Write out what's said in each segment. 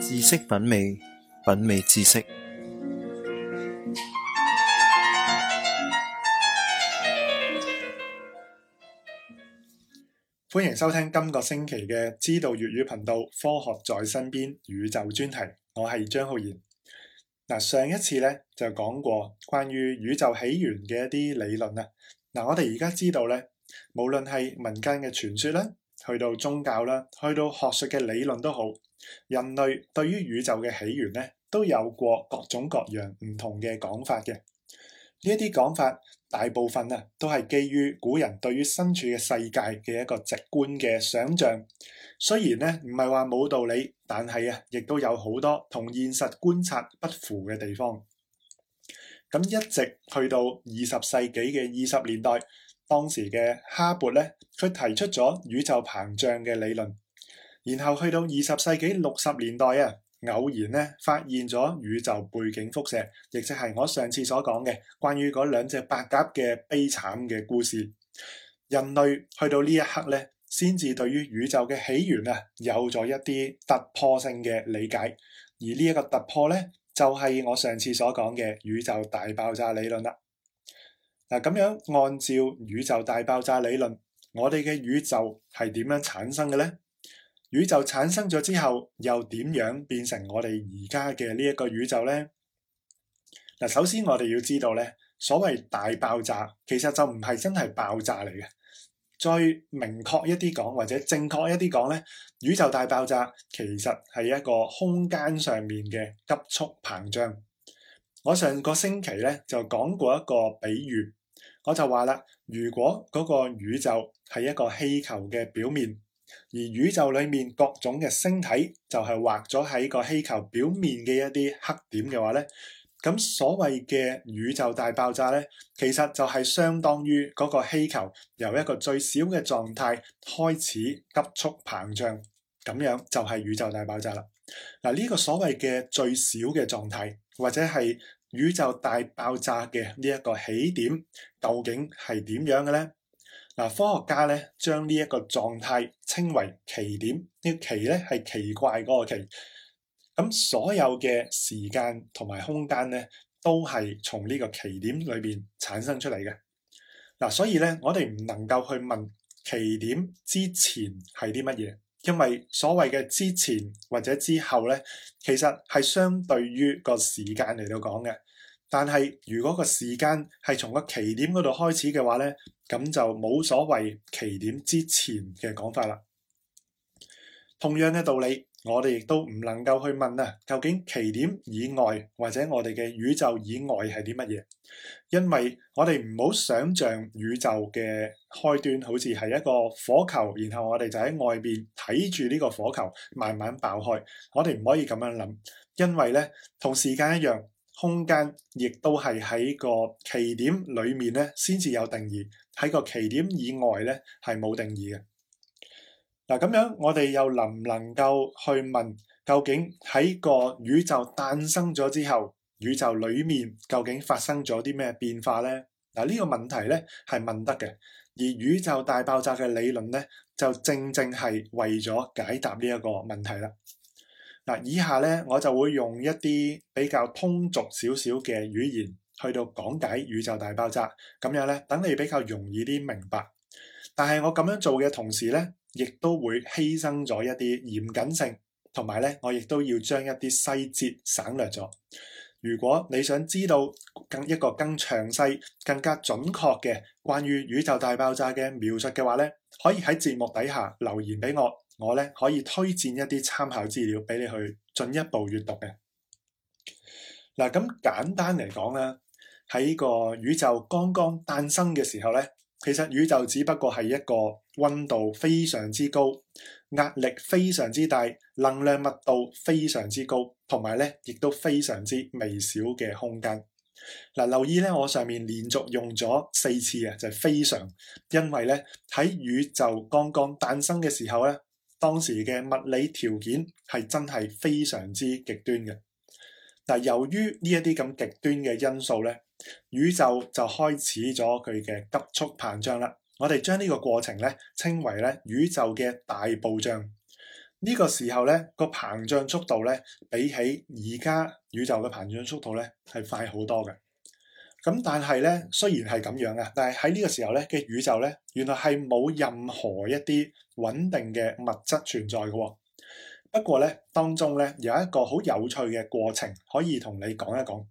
知識品味，品味知識。歡迎收聽今個星期嘅《知道粵語》頻道《科學在身邊》宇宙專題。我係張浩然。嗱，上一次呢，就講過關於宇宙起源嘅一啲理論啊。嗱，我哋而家知道呢，無論係民間嘅傳說呢。去到宗教啦，去到學術嘅理論都好，人類對於宇宙嘅起源呢，都有過各種各樣唔同嘅講法嘅。呢一啲講法，大部分啊都係基於古人對於身處嘅世界嘅一個直觀嘅想象。雖然呢唔係話冇道理，但係啊，亦都有好多同現實觀察不符嘅地方。咁一直去到二十世紀嘅二十年代，當時嘅哈勃咧，佢提出咗宇宙膨脹嘅理論，然後去到二十世紀六十年代啊，偶然咧發現咗宇宙背景輻射，亦即係我上次所講嘅關於嗰兩隻白鴿嘅悲慘嘅故事。人類去到呢一刻咧，先至對於宇宙嘅起源啊有咗一啲突破性嘅理解，而呢一個突破咧就係我上次所講嘅宇宙大爆炸理論啦。嗱，咁樣按照宇宙大爆炸理論，我哋嘅宇宙係點樣產生嘅呢？宇宙產生咗之後，又點樣變成我哋而家嘅呢一個宇宙呢？嗱，首先我哋要知道呢，所謂大爆炸其實就唔係真係爆炸嚟嘅。再明確一啲講，或者正確一啲講呢，宇宙大爆炸其實係一個空間上面嘅急速膨脹。我上個星期呢，就講過一個比喻。我就話啦，如果嗰個宇宙係一個氣球嘅表面，而宇宙裏面各種嘅星體就係畫咗喺個氣球表面嘅一啲黑點嘅話呢，咁所謂嘅宇宙大爆炸呢，其實就係相當於嗰個氣球由一個最小嘅狀態開始急速膨脹，咁樣就係宇宙大爆炸啦。嗱，呢個所謂嘅最小嘅狀態或者係，宇宙大爆炸嘅呢一個起點究竟係點樣嘅咧？嗱，科學家咧將呢一個狀態稱為奇點，呢奇咧係奇怪嗰個奇。咁所有嘅時間同埋空間咧都係從呢個奇點裏邊產生出嚟嘅。嗱，所以咧我哋唔能夠去問奇點之前係啲乜嘢。因為所謂嘅之前或者之後呢，其實係相對於個時間嚟到講嘅。但係如果個時間係從個奇點嗰度開始嘅話呢，咁就冇所謂奇點之前嘅講法啦。同樣嘅道理。我哋亦都唔能夠去問啊，究竟奇點以外或者我哋嘅宇宙以外係啲乜嘢？因為我哋唔好想象宇宙嘅開端好似係一個火球，然後我哋就喺外邊睇住呢個火球慢慢爆開。我哋唔可以咁樣諗，因為呢同時間一樣，空間亦都係喺個奇點裡面呢先至有定義，喺個奇點以外呢係冇定義嘅。嗱，咁樣我哋又能唔能夠去問，究竟喺個宇宙誕生咗之後，宇宙裏面究竟發生咗啲咩變化呢？嗱，呢個問題呢係問得嘅，而宇宙大爆炸嘅理論呢，就正正係為咗解答呢一個問題啦。嗱，以下呢，我就會用一啲比較通俗少少嘅語言去到講解宇宙大爆炸，咁樣呢，等你比較容易啲明白。但係我咁樣做嘅同時呢。亦都會犧牲咗一啲嚴謹性，同埋咧，我亦都要將一啲細節省略咗。如果你想知道更一個更詳細、更加準確嘅關於宇宙大爆炸嘅描述嘅話咧，可以喺節目底下留言俾我，我咧可以推薦一啲參考資料俾你去進一步閱讀嘅。嗱，咁簡單嚟講咧，喺個宇宙剛剛誕生嘅時候咧。其實宇宙只不過係一個溫度非常之高、壓力非常之大、能量密度非常之高，同埋咧亦都非常之微小嘅空間。嗱、啊，留意咧，我上面連續用咗四次啊，就係、非常，因為咧喺宇宙剛剛誕生嘅時候咧，當時嘅物理條件係真係非常之極端嘅。但、啊、由於呢一啲咁極端嘅因素咧。宇宙就開始咗佢嘅急速膨脹啦。我哋將呢個過程咧稱為咧宇宙嘅大暴脹。呢個時候咧，個膨脹速度咧比起而家宇宙嘅膨脹速度咧係快好多嘅。咁但係咧，雖然係咁樣啊，但係喺呢個時候咧嘅宇宙咧原來係冇任何一啲穩定嘅物質存在嘅。不過咧當中咧有一個好有趣嘅過程可以同你講一講。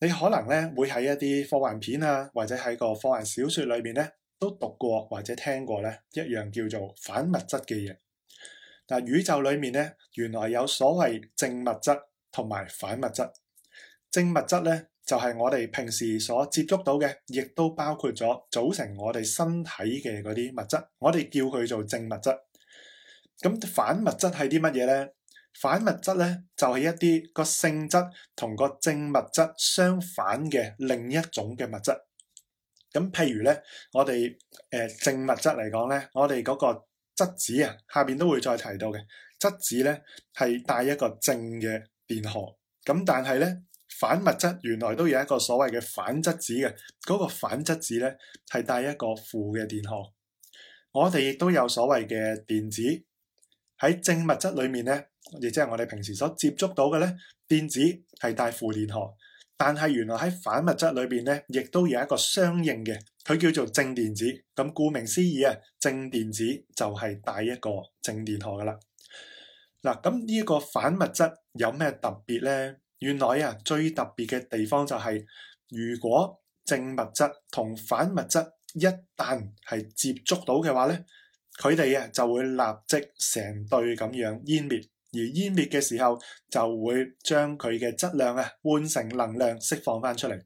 你可能咧會喺一啲科幻片啊，或者喺個科幻小說裏面咧都讀過或者聽過咧一樣叫做反物質嘅嘢。嗱，宇宙裏面咧原來有所謂正物質同埋反物質。正物質咧就係我哋平時所接觸到嘅，亦都包括咗組成我哋身體嘅嗰啲物質，我哋叫佢做正物質。咁反物質係啲乜嘢咧？反物質咧就係、是、一啲個性質同個正物質相反嘅另一種嘅物質。咁譬如咧，我哋誒、呃、正物質嚟講咧，我哋嗰個質子啊，下邊都會再提到嘅質子咧係帶一個正嘅電荷。咁但係咧，反物質原來都有一個所謂嘅反質子嘅嗰、那個反質子咧係帶一個負嘅電荷。我哋亦都有所謂嘅電子喺正物質裏面咧。亦即係我哋平時所接觸到嘅咧，電子係帶負電荷，但係原來喺反物質裏邊咧，亦都有一個相應嘅，佢叫做正電子。咁顧名思義啊，正電子就係帶一個正電荷噶啦。嗱，咁呢一個反物質有咩特別咧？原來啊，最特別嘅地方就係如果正物質同反物質一旦係接觸到嘅話咧，佢哋啊就會立即成對咁樣湮滅。而湮滅嘅時候，就會將佢嘅質量啊換成能量釋放翻出嚟。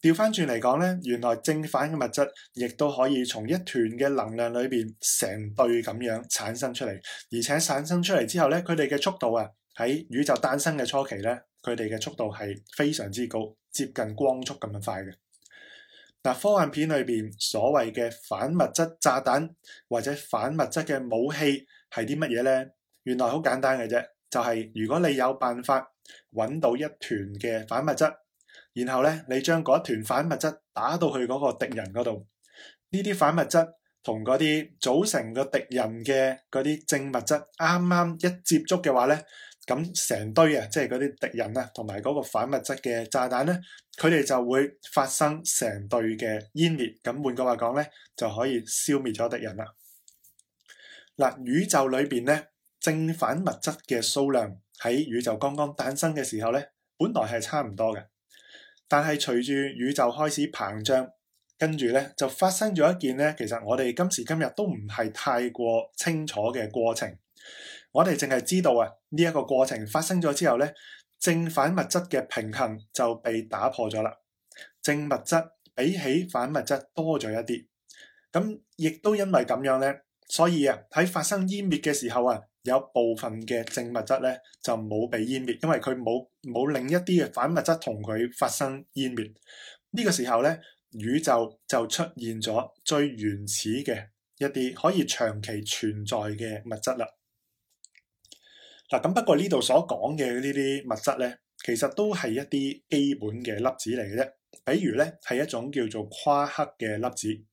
調翻轉嚟講呢，原來正反嘅物質亦都可以從一團嘅能量裏邊成對咁樣產生出嚟，而且產生出嚟之後呢，佢哋嘅速度啊喺宇宙誕生嘅初期呢，佢哋嘅速度係非常之高，接近光速咁樣快嘅。嗱，科幻片裏邊所謂嘅反物質炸彈或者反物質嘅武器係啲乜嘢呢？原來好簡單嘅啫，就係如果你有辦法揾到一團嘅反物質，然後咧你將嗰一團反物質打到去嗰個敵人嗰度，呢啲反物質同嗰啲組成個敵人嘅嗰啲正物質，啱啱一接觸嘅話咧，咁成堆啊，即係嗰啲敵人啊，同埋嗰個反物質嘅炸彈咧，佢哋就會發生成對嘅湮滅。咁換句話講咧，就可以消滅咗敵人啦。嗱，宇宙裏邊咧。正反物質嘅數量喺宇宙剛剛誕生嘅時候咧，本來係差唔多嘅。但係隨住宇宙開始膨脹，跟住咧就發生咗一件咧，其實我哋今時今日都唔係太過清楚嘅過程。我哋淨係知道啊，呢一個過程發生咗之後咧，正反物質嘅平衡就被打破咗啦。正物質比起反物質多咗一啲，咁亦都因為咁樣咧，所以啊喺發生湮滅嘅時候啊。有部分嘅正物質咧，就冇被湮滅，因為佢冇冇另一啲嘅反物質同佢發生湮滅。呢個時候咧，宇宙就出現咗最原始嘅一啲可以長期存在嘅物質啦。嗱，咁不過呢度所講嘅呢啲物質咧，其實都係一啲基本嘅粒子嚟嘅啫，比如咧係一種叫做夸克嘅粒子。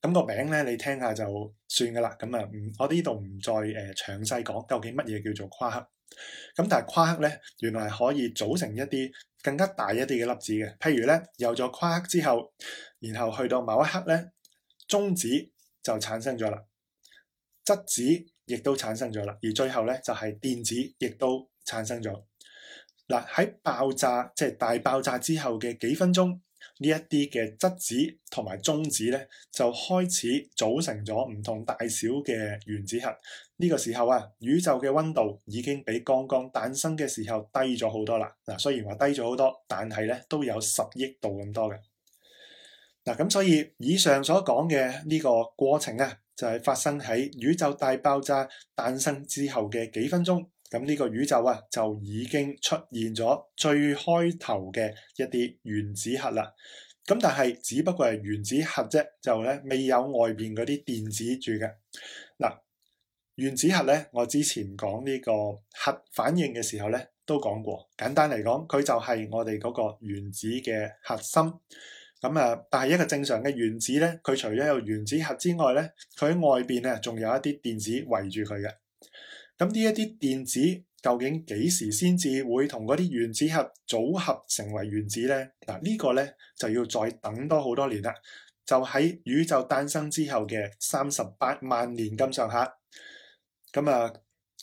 咁個名咧，你聽下就算噶啦。咁、嗯、啊，唔我哋呢度唔再誒詳細講究竟乜嘢叫做夸克。咁但係夸克咧，原來係可以組成一啲更加大一啲嘅粒子嘅。譬如咧，有咗夸克之後，然後去到某一刻咧，中子就產生咗啦，質子亦都產生咗啦，而最後咧就係、是、電子亦都產生咗。嗱，喺爆炸即係、就是、大爆炸之後嘅幾分鐘。呢一啲嘅質子同埋中子呢，就開始組成咗唔同大小嘅原子核。呢個時候啊，宇宙嘅溫度已經比剛剛誕生嘅時候低咗好多啦。嗱，雖然話低咗好多，但係呢都有十億度咁多嘅。嗱，咁所以以上所講嘅呢個過程啊，就係發生喺宇宙大爆炸誕生之後嘅幾分鐘。咁呢個宇宙啊，就已經出現咗最開頭嘅一啲原子核啦。咁但係只不過係原子核啫，就咧未有外邊嗰啲電子住嘅。嗱，原子核咧，我之前講呢個核反應嘅時候咧，都講過。簡單嚟講，佢就係我哋嗰個原子嘅核心。咁啊，但係一個正常嘅原子咧，佢除咗有原子核之外咧，佢喺外邊咧仲有一啲電子圍住佢嘅。咁呢一啲電子究竟幾時先至會同嗰啲原子核組合成為原子呢？嗱，呢個呢就要再等多好多年啦。就喺宇宙誕生之後嘅三十八萬年咁上下，咁啊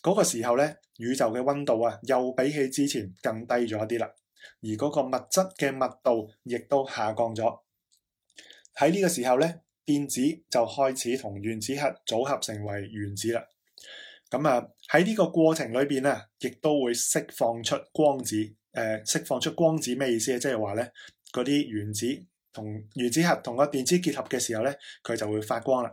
嗰個時候呢，宇宙嘅溫度啊又比起之前更低咗啲啦，而嗰個物質嘅密度亦都下降咗。喺呢個時候呢，電子就開始同原子核組合成為原子啦。咁啊，喺呢、嗯、個過程裏邊咧，亦都會釋放出光子。誒、呃，釋放出光子咩意思啊？即係話咧，嗰啲原子同原子核同個電子結合嘅時候咧，佢就會發光啦。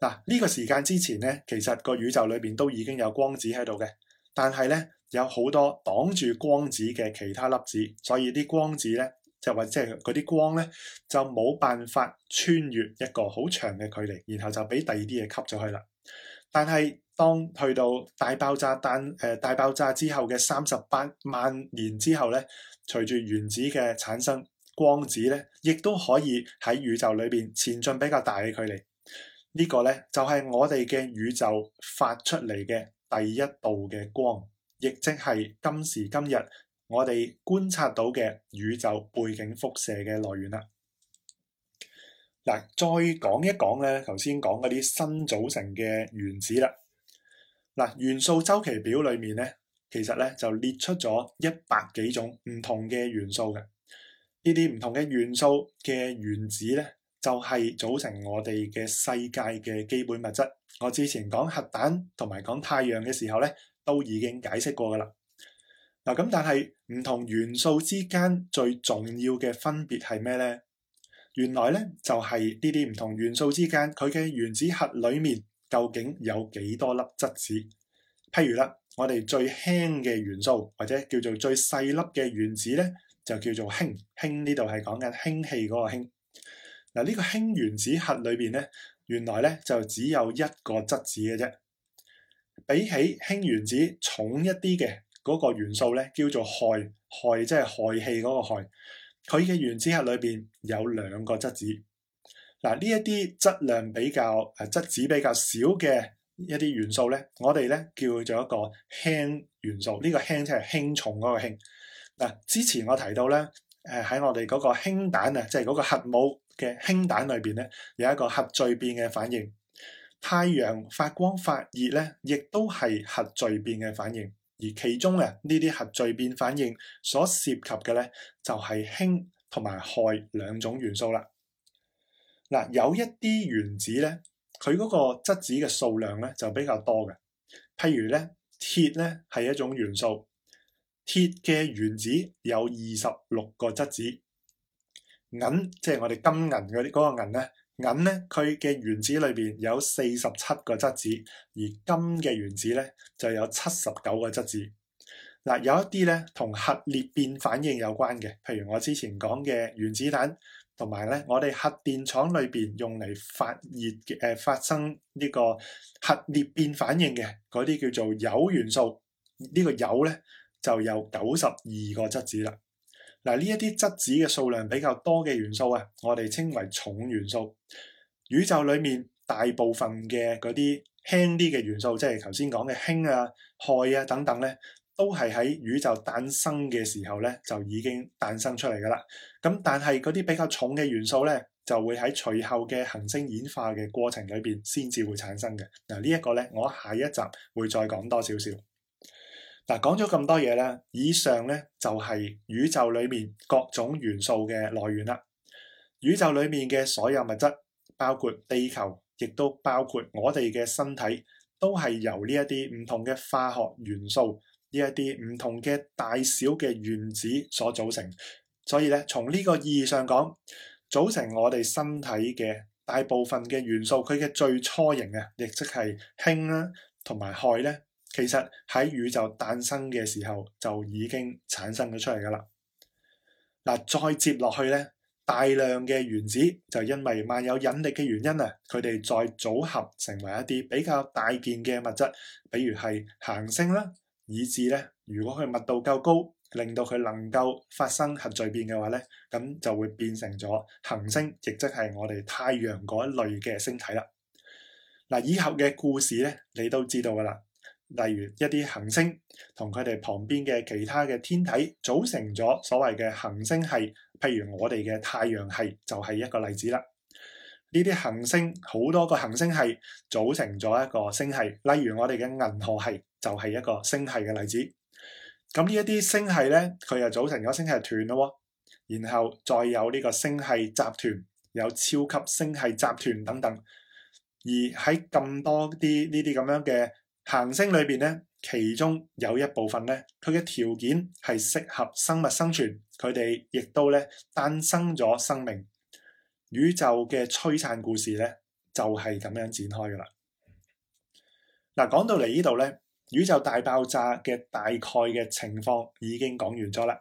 嗱、啊、呢，這個時間之前咧，其實個宇宙裏邊都已經有光子喺度嘅，但係咧有好多擋住光子嘅其他粒子，所以啲光子咧就或者係嗰啲光咧就冇辦法穿越一個好長嘅距離，然後就俾第二啲嘢吸咗去啦。但係。當去到大爆炸但，誒、呃、大爆炸之後嘅三十八萬年之後咧，隨住原子嘅產生，光子咧，亦都可以喺宇宙裏邊前進比較大嘅距離。這個、呢個咧就係、是、我哋嘅宇宙發出嚟嘅第一度嘅光，亦即係今時今日我哋觀察到嘅宇宙背景輻射嘅來源啦。嗱，再講一講咧，頭先講嗰啲新組成嘅原子啦。嗱，元素周期表裏面咧，其實咧就列出咗一百幾種唔同嘅元素嘅，呢啲唔同嘅元素嘅原子咧，就係組成我哋嘅世界嘅基本物質。我之前講核彈同埋講太陽嘅時候咧，都已經解釋過噶啦。嗱，咁但係唔同元素之間最重要嘅分別係咩咧？原來咧就係呢啲唔同元素之間佢嘅原子核裡面，究竟有幾多粒質子？譬如啦，我哋最輕嘅元素或者叫做最細粒嘅原子咧，就叫做氫。氫呢度係講緊氫氣嗰個氫。嗱，呢個氫原子核裏邊咧，原來咧就只有一個質子嘅啫。比起氫原子重一啲嘅嗰個元素咧，叫做氦。氦即係氦氣嗰個氦，佢嘅原子核裏邊有兩個質子。嗱，呢一啲質量比較誒質、啊、子比較少嘅一啲元素咧，我哋咧叫做一個輕元素。呢、這個輕即係輕重嗰個輕。嗱，之前我提到咧，誒、呃、喺我哋嗰個氫彈啊，即係嗰個核武嘅氫彈裏邊咧，有一個核聚變嘅反應。太陽發光發熱咧，亦都係核聚變嘅反應。而其中啊，呢啲核聚變反應所涉及嘅咧，就係氫同埋氦兩種元素啦。嗱，有一啲原子咧，佢嗰個質子嘅數量咧就比較多嘅。譬如咧，鐵咧係一種元素，鐵嘅原子有二十六個質子。銀即係、就是、我哋金銀嗰啲嗰個銀咧，銀咧佢嘅原子裏邊有四十七個質子，而金嘅原子咧就有七十九個質子。嗱、呃，有一啲咧同核裂變反應有關嘅，譬如我之前講嘅原子彈。同埋咧，我哋核電廠裏邊用嚟發熱嘅誒、呃、發生呢個核裂變反應嘅嗰啲叫做鈾元素，這個、呢個鈾咧就有九十二個質子啦。嗱，呢一啲質子嘅數量比較多嘅元素啊，我哋稱為重元素。宇宙裏面大部分嘅嗰啲輕啲嘅元素，即係頭先講嘅氫啊、氦啊等等咧，都係喺宇宙誕生嘅時候咧，就已經誕生出嚟噶啦。咁但係嗰啲比較重嘅元素咧，就會喺隨後嘅恒星演化嘅過程裏邊先至會產生嘅。嗱、這個，呢一個咧，我下一集會再講多少少。嗱，講咗咁多嘢咧，以上咧就係、是、宇宙裏面各種元素嘅來源啦。宇宙裏面嘅所有物質，包括地球，亦都包括我哋嘅身體，都係由呢一啲唔同嘅化學元素，呢一啲唔同嘅大小嘅原子所組成，所以咧，從呢個意義上講，組成我哋身體嘅大部分嘅元素，佢嘅最初型啊，亦即係氫啦，同埋氦呢，其實喺宇宙誕生嘅時候就已經產生咗出嚟噶啦。嗱，再接落去呢，大量嘅原子就因為萬有引力嘅原因啊，佢哋再組合成為一啲比較大件嘅物質，比如係行星啦。以至咧，如果佢密度夠高，令到佢能夠發生核聚變嘅話咧，咁就會變成咗恆星，亦即係我哋太陽嗰類嘅星體啦。嗱，以後嘅故事咧，你都知道噶啦，例如一啲行星同佢哋旁邊嘅其他嘅天體組成咗所謂嘅恆星系，譬如我哋嘅太陽系就係一個例子啦。呢啲行星好多個行星系組成咗一個星系，例如我哋嘅銀河系就係一個星系嘅例子。咁呢一啲星系咧，佢又組成咗星系團咯，然後再有呢個星系集團，有超級星系集團等等。而喺咁多啲呢啲咁樣嘅行星裏邊咧，其中有一部分咧，佢嘅條件係適合生物生存，佢哋亦都咧誕生咗生命。宇宙嘅璀璨故事咧，就係咁樣展開噶啦。嗱，講到嚟呢度咧，宇宙大爆炸嘅大概嘅情況已經講完咗啦。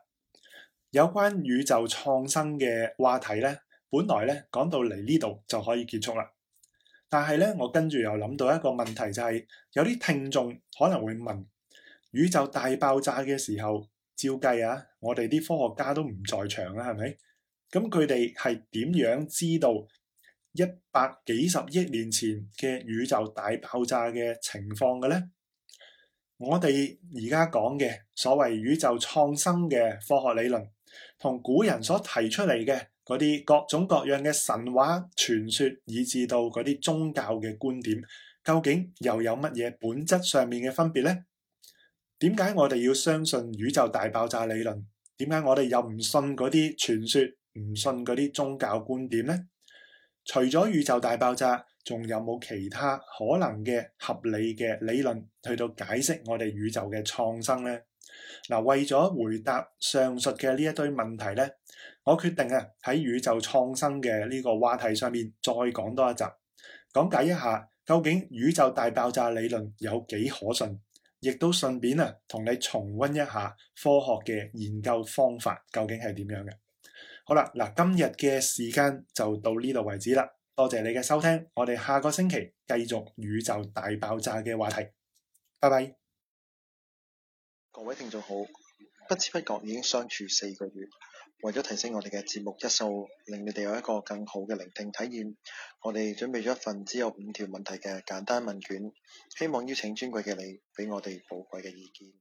有關宇宙創生嘅話題咧，本來咧講到嚟呢度就可以結束啦。但係咧，我跟住又諗到一個問題，就係有啲聽眾可能會問：宇宙大爆炸嘅時候，照計啊，我哋啲科學家都唔在場啦，係咪？咁佢哋係點樣知道一百幾十億年前嘅宇宙大爆炸嘅情況嘅咧？我哋而家講嘅所謂宇宙創生嘅科學理論，同古人所提出嚟嘅嗰啲各種各樣嘅神話傳說，以至到嗰啲宗教嘅觀點，究竟又有乜嘢本質上面嘅分別呢？點解我哋要相信宇宙大爆炸理論？點解我哋又唔信嗰啲傳說？唔信嗰啲宗教觀點呢？除咗宇宙大爆炸，仲有冇其他可能嘅合理嘅理論去到解釋我哋宇宙嘅創生呢？嗱，為咗回答上述嘅呢一堆問題呢，我決定啊喺宇宙創生嘅呢個話題上面再講多一集，講解一下究竟宇宙大爆炸理論有幾可信，亦都順便啊同你重溫一下科學嘅研究方法究竟係點樣嘅。好啦，嗱，今日嘅時間就到呢度為止啦。多謝你嘅收聽，我哋下個星期繼續宇宙大爆炸嘅話題。拜拜。各位聽眾好。不知不覺已經相處四個月，為咗提升我哋嘅節目質素，令你哋有一個更好嘅聆聽體驗，我哋準備咗一份只有五條問題嘅簡單問卷，希望邀請尊貴嘅你俾我哋寶貴嘅意見。